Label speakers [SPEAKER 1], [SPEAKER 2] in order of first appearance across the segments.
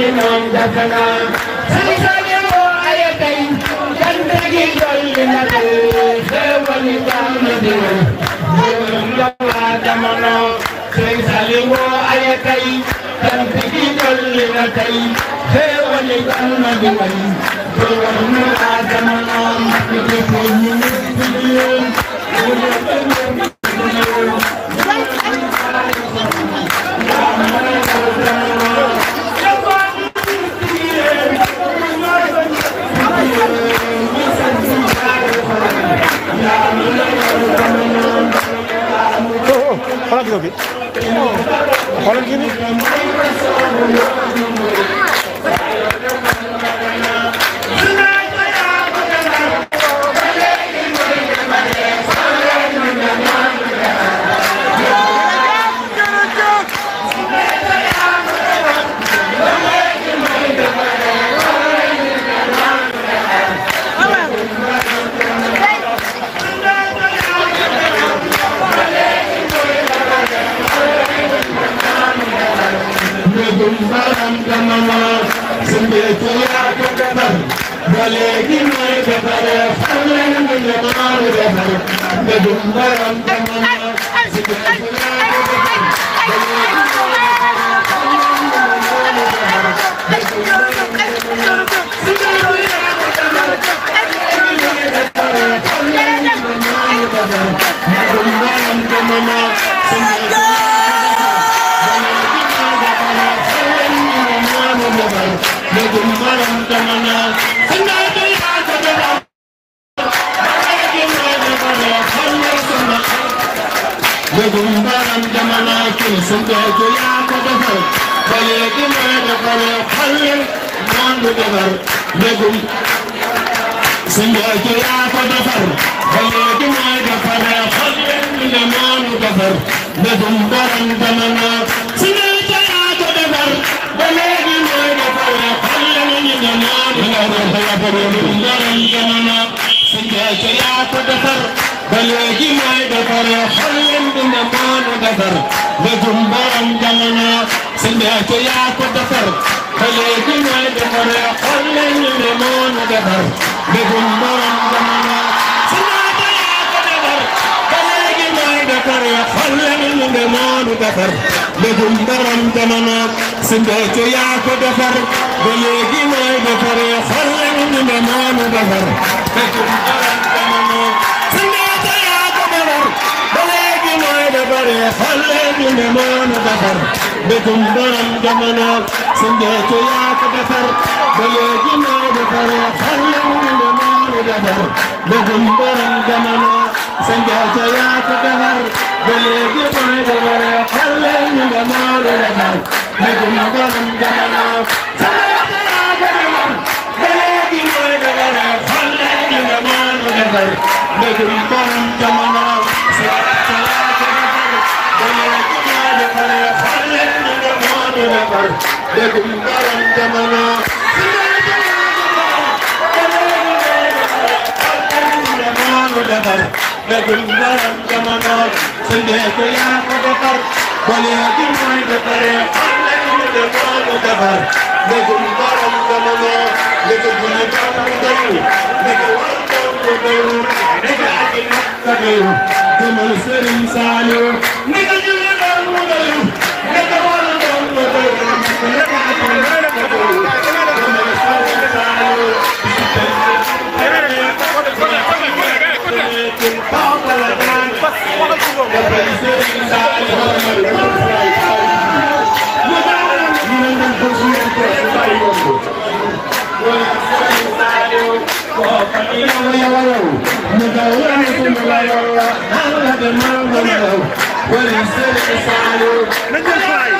[SPEAKER 1] ni moom dafa naa sani sani moo aya tey jant gi dolli na tey xéewali tàmm na diw jëmam dawaa jamono sani sani moo aya tey jant gi dolli na tey xéewali tàmm na diw jëmam dawaa jamono xoolal kilo bi xoolal kii bi zimbe tuya ko defar ba léegi mooy defaree xam leen mu ne maa defar ba dum baram ba mën a zimbe jëgum baram jamono kii sënteeku yaa ko defar ba léegi mooy defaree xol moondu defar jëgum sënteeku yaa ko defar ba léegi mooy defaree xol moondu defar jëgum baram jamono defar ba jumbaram jamono sëñ bi ak yaa ko defar ba léegi mooy defaree xool nañu ne moo ñu yaa ko defar ba léegi leen ñu ne moona defar bëggum borom jamono sëñ Béthio yaa ko defar ba léegi moo defaree xar la mu ne moona defar bëggum borom jamono sëñ Béthio yaa ko defar ba léegi mooy defaree xar la ñu ne moona defar bëggum borom jamono Make it fun. remember there could be more in Jamana. Negul maram jamano, sinde ko ya ko defar, bole adi moy defare, alle ni de ko defar. Negul maram jamano, negul gune jamano daru, negul war ko daru, negul adi nak daru, jamal serin salu, negul What is it inside you?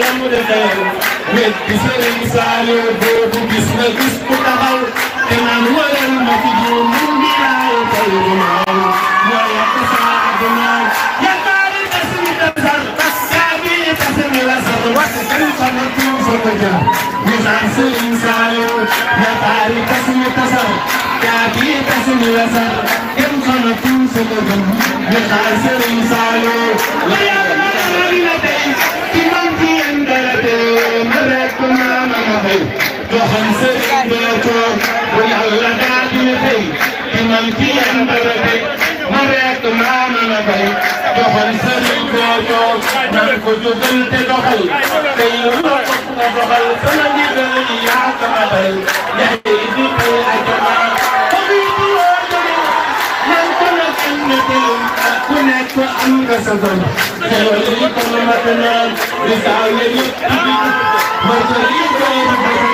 [SPEAKER 1] la la mu defee wet bi sëriñ Saliou boobu gis na gis ku taxaw te naan waral ma fi juum mu ngi laay tey bu naaw mooy yàq saa àdduna yàqaari tas mi tasar tas yaa bi tas mi la sar wax kan fa na tuum fa ko jaar ñu naan sëriñ Saliou yàqaari tas mi tasar yaa bi tas mi la sar kan fa na tuum fa ko jaar ñu naan sëriñ Saliou doxal sëriñ Béthio bu yàlla daal di béy ci man ci yan bala béy ma rekk maa mën a béy doxal sëriñ Béthio man ko jógal te doxal tey lu ma bëgg nga doxal sama ndigal yaa ko abal ndax yi di béy ak jamaa ku nekk am nga sa doom te loolu yëpp a mën a naan di saa yële yëpp di di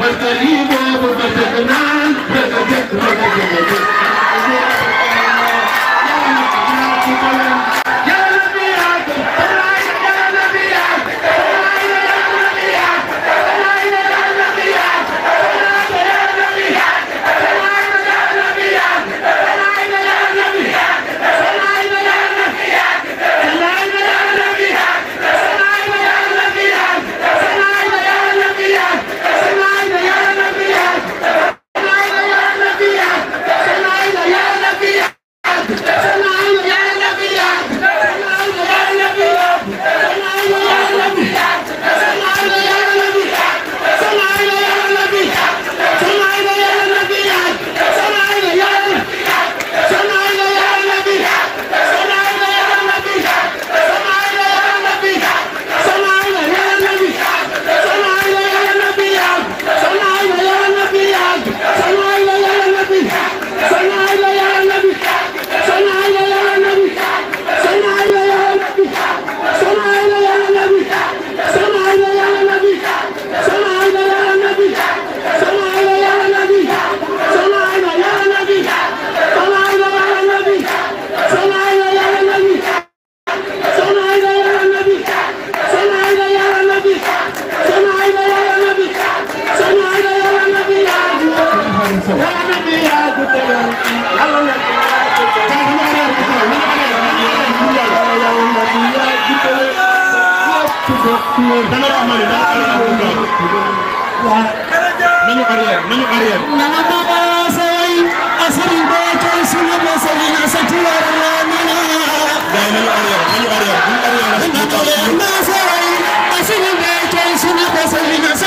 [SPEAKER 1] والقريب وفتحنا فتحت فتحت فتحت dana la amal dana la amal waaw nañu arrière nañu arrière. nana ma baal sa waay asali boo tooy suñu mosali na sa tuwaar laa ñu naan. gars yi nañu arrière nañu arrière nañu arrière. nana ma baal sa waay asali boo tooy suñu mosali na